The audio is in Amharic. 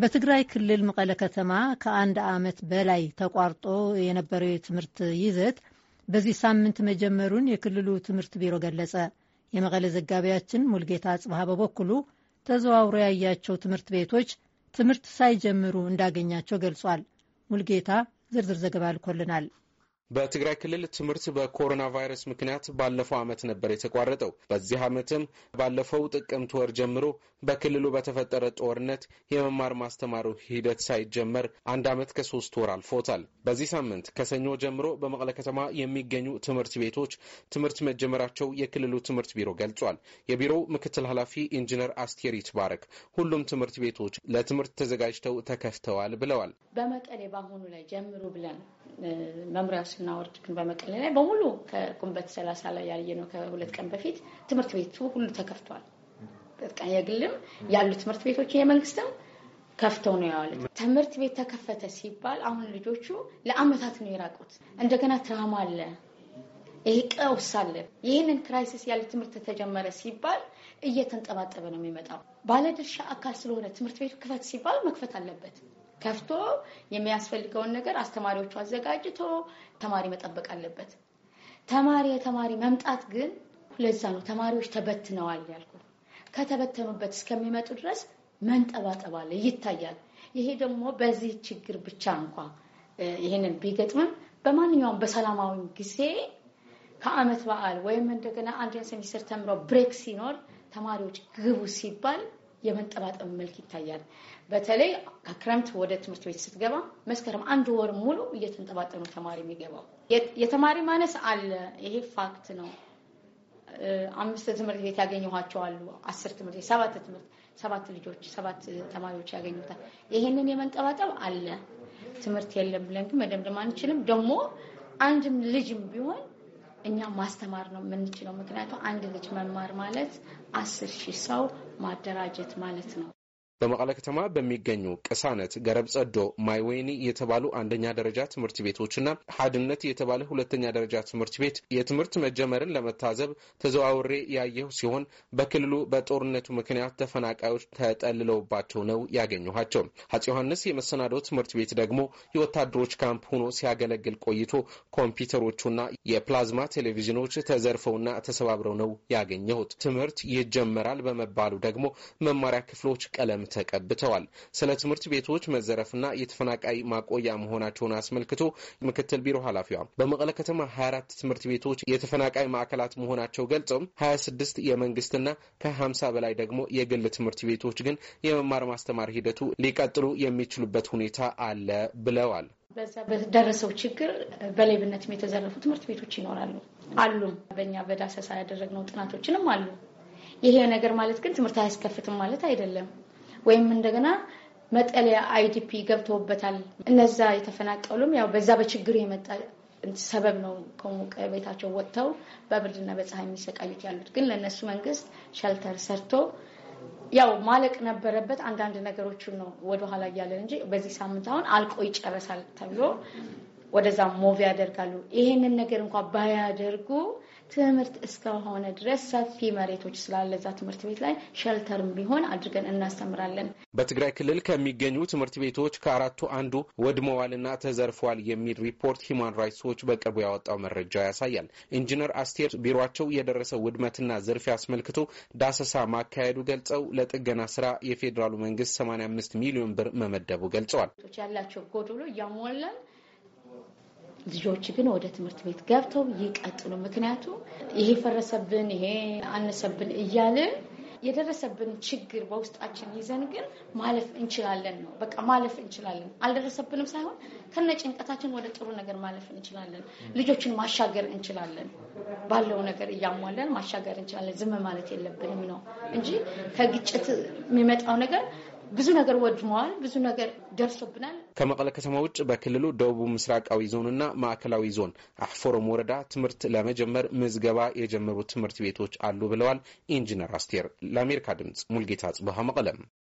በትግራይ ክልል መቀለ ከተማ ከአንድ ዓመት በላይ ተቋርጦ የነበረው የትምህርት ይዘት በዚህ ሳምንት መጀመሩን የክልሉ ትምህርት ቢሮ ገለጸ። የመቀለ ዘጋቢያችን ሙልጌታ አጽብሃ በበኩሉ ተዘዋውሮ ያያቸው ትምህርት ቤቶች ትምህርት ሳይጀምሩ እንዳገኛቸው ገልጿል። ሙልጌታ ዝርዝር ዘገባ ልኮልናል። በትግራይ ክልል ትምህርት በኮሮና ቫይረስ ምክንያት ባለፈው ዓመት ነበር የተቋረጠው። በዚህ ዓመትም ባለፈው ጥቅምት ወር ጀምሮ በክልሉ በተፈጠረ ጦርነት የመማር ማስተማሩ ሂደት ሳይጀመር አንድ ዓመት ከሶስት ወር አልፎታል። በዚህ ሳምንት ከሰኞ ጀምሮ በመቀለ ከተማ የሚገኙ ትምህርት ቤቶች ትምህርት መጀመራቸው የክልሉ ትምህርት ቢሮ ገልጿል። የቢሮው ምክትል ኃላፊ ኢንጂነር አስቴሪት ባረክ ሁሉም ትምህርት ቤቶች ለትምህርት ተዘጋጅተው ተከፍተዋል ብለዋል። በመቀሌ በአሁኑ ላይ ጀምሩ ብለን መምሪያ ስናወርድ ግን በመቀሌ ላይ በሙሉ ከቁንበት ሰላሳ ላይ ያየ ነው። ከሁለት ቀን በፊት ትምህርት ቤቱ ሁሉ ተከፍቷል። በቃ የግልም ያሉ ትምህርት ቤቶች የመንግስትም ከፍተው ነው ያዋለ። ትምህርት ቤት ተከፈተ ሲባል አሁን ልጆቹ ለአመታት ነው የራቁት። እንደገና ትራማ አለ፣ ይሄ ቀውስ አለ። ይህንን ክራይሲስ ያለ ትምህርት ተጀመረ ሲባል እየተንጠባጠበ ነው የሚመጣው። ባለድርሻ አካል ስለሆነ ትምህርት ቤቱ ክፈት ሲባል መክፈት አለበት። ከፍቶ የሚያስፈልገውን ነገር አስተማሪዎቹ አዘጋጅቶ ተማሪ መጠበቅ አለበት። ተማሪ የተማሪ መምጣት ግን ለዛ ነው ተማሪዎች ተበትነዋል ያልኩ። ከተበተኑበት እስከሚመጡ ድረስ መንጠባጠብ አለ ይታያል። ይሄ ደግሞ በዚህ ችግር ብቻ እንኳ ይህንን ቢገጥምም በማንኛውም በሰላማዊ ጊዜ ከአመት በዓል ወይም እንደገና አንድ ሴሚስተር ተምረው ብሬክ ሲኖር ተማሪዎች ግቡ ሲባል የመንጠባጠብ መልክ ይታያል። በተለይ ከክረምት ወደ ትምህርት ቤት ስትገባ መስከረም አንድ ወር ሙሉ እየተንጠባጠኑ ተማሪ የሚገባው። የተማሪ ማነስ አለ፣ ይሄ ፋክት ነው። አምስት ትምህርት ቤት ያገኘኋቸው አሉ። አስር ትምህርት ቤት ሰባት ትምህርት ሰባት ልጆች ሰባት ተማሪዎች ያገኙታል። ይሄንን የመንጠባጠብ አለ። ትምህርት የለም ብለን ግን መደምደም አንችልም። ደግሞ አንድም ልጅም ቢሆን እኛ ማስተማር ነው የምንችለው። ምክንያቱም አንድ ልጅ መማር ማለት አስር ሺህ ሰው ማደራጀት ማለት ነው። በመቀለ ከተማ በሚገኙ ቅሳነት፣ ገረብ ጸዶ፣ ማይወይኒ የተባሉ አንደኛ ደረጃ ትምህርት ቤቶችና ሀድነት የተባለ ሁለተኛ ደረጃ ትምህርት ቤት የትምህርት መጀመርን ለመታዘብ ተዘዋውሬ ያየሁ ሲሆን በክልሉ በጦርነቱ ምክንያት ተፈናቃዮች ተጠልለውባቸው ነው ያገኘኋቸው። አፄ ዮሐንስ የመሰናዶ ትምህርት ቤት ደግሞ የወታደሮች ካምፕ ሆኖ ሲያገለግል ቆይቶ ኮምፒውተሮቹና የፕላዝማ ቴሌቪዥኖች ተዘርፈውና ተሰባብረው ነው ያገኘሁት። ትምህርት ይጀመራል በመባሉ ደግሞ መማሪያ ክፍሎች ቀለም ቀለም ተቀብተዋል። ስለ ትምህርት ቤቶች መዘረፍና የተፈናቃይ ማቆያ መሆናቸውን አስመልክቶ ምክትል ቢሮ ኃላፊዋ በመቀለ ከተማ 24 ትምህርት ቤቶች የተፈናቃይ ማዕከላት መሆናቸው ገልጸው 26 የመንግስትና ከ50 በላይ ደግሞ የግል ትምህርት ቤቶች ግን የመማር ማስተማር ሂደቱ ሊቀጥሉ የሚችሉበት ሁኔታ አለ ብለዋል። በዛ በደረሰው ችግር በሌብነትም የተዘረፉ ትምህርት ቤቶች ይኖራሉ አሉም። በእኛ በዳሰሳ ያደረግነው ጥናቶችንም አሉ። ይሄ ነገር ማለት ግን ትምህርት አያስከፍትም ማለት አይደለም። ወይም እንደገና መጠለያ አይዲፒ ገብተውበታል። እነዛ የተፈናቀሉም ያው በዛ በችግር የመጣ ሰበብ ነው። ከሞቀ ቤታቸው ወጥተው በብርድና በፀሐይ የሚሰቃዩት ያሉት ግን ለእነሱ መንግስት ሸልተር ሰርቶ ያው ማለቅ ነበረበት። አንዳንድ ነገሮችን ነው ወደኋላ እያለን እንጂ በዚህ ሳምንት አሁን አልቆ ይጨረሳል ተብሎ ወደዛ ሞቭ ያደርጋሉ። ይሄንን ነገር እንኳን ባያደርጉ ትምህርት እስከሆነ ድረስ ሰፊ መሬቶች ስላለ እዛ ትምህርት ቤት ላይ ሸልተርም ቢሆን አድርገን እናስተምራለን። በትግራይ ክልል ከሚገኙ ትምህርት ቤቶች ከአራቱ አንዱ ወድመዋልና ተዘርፏል የሚል ሪፖርት ሂማን ራይትስ ዎች በቅርቡ ያወጣው መረጃ ያሳያል። ኢንጂነር አስቴር ቢሮቸው የደረሰ ውድመትና ዝርፊያ አስመልክቶ ዳሰሳ ማካሄዱ ገልጸው ለጥገና ስራ የፌዴራሉ መንግስት 85 ሚሊዮን ብር መመደቡ ገልጸዋል። ያላቸው ጎዶሎ እያሟላን ልጆች ግን ወደ ትምህርት ቤት ገብተው ይቀጥሉ። ምክንያቱም ይሄ ፈረሰብን፣ ይሄ አነሰብን እያልን የደረሰብን ችግር በውስጣችን ይዘን ግን ማለፍ እንችላለን ነው። በቃ ማለፍ እንችላለን፣ አልደረሰብንም ሳይሆን ከነ ጭንቀታችን ወደ ጥሩ ነገር ማለፍ እንችላለን። ልጆችን ማሻገር እንችላለን። ባለው ነገር እያሟለን ማሻገር እንችላለን። ዝም ማለት የለብንም ነው እንጂ ከግጭት የሚመጣው ነገር ብዙ ነገር ወድመዋል፣ ብዙ ነገር ደርሶብናል። ከመቀለ ከተማ ውጭ በክልሉ ደቡብ ምስራቃዊ ዞንና ማዕከላዊ ዞን አሕፈሮም ወረዳ ትምህርት ለመጀመር ምዝገባ የጀመሩ ትምህርት ቤቶች አሉ ብለዋል ኢንጂነር አስቴር። ለአሜሪካ ድምጽ ሙልጌታ ጽቡሃ መቀለም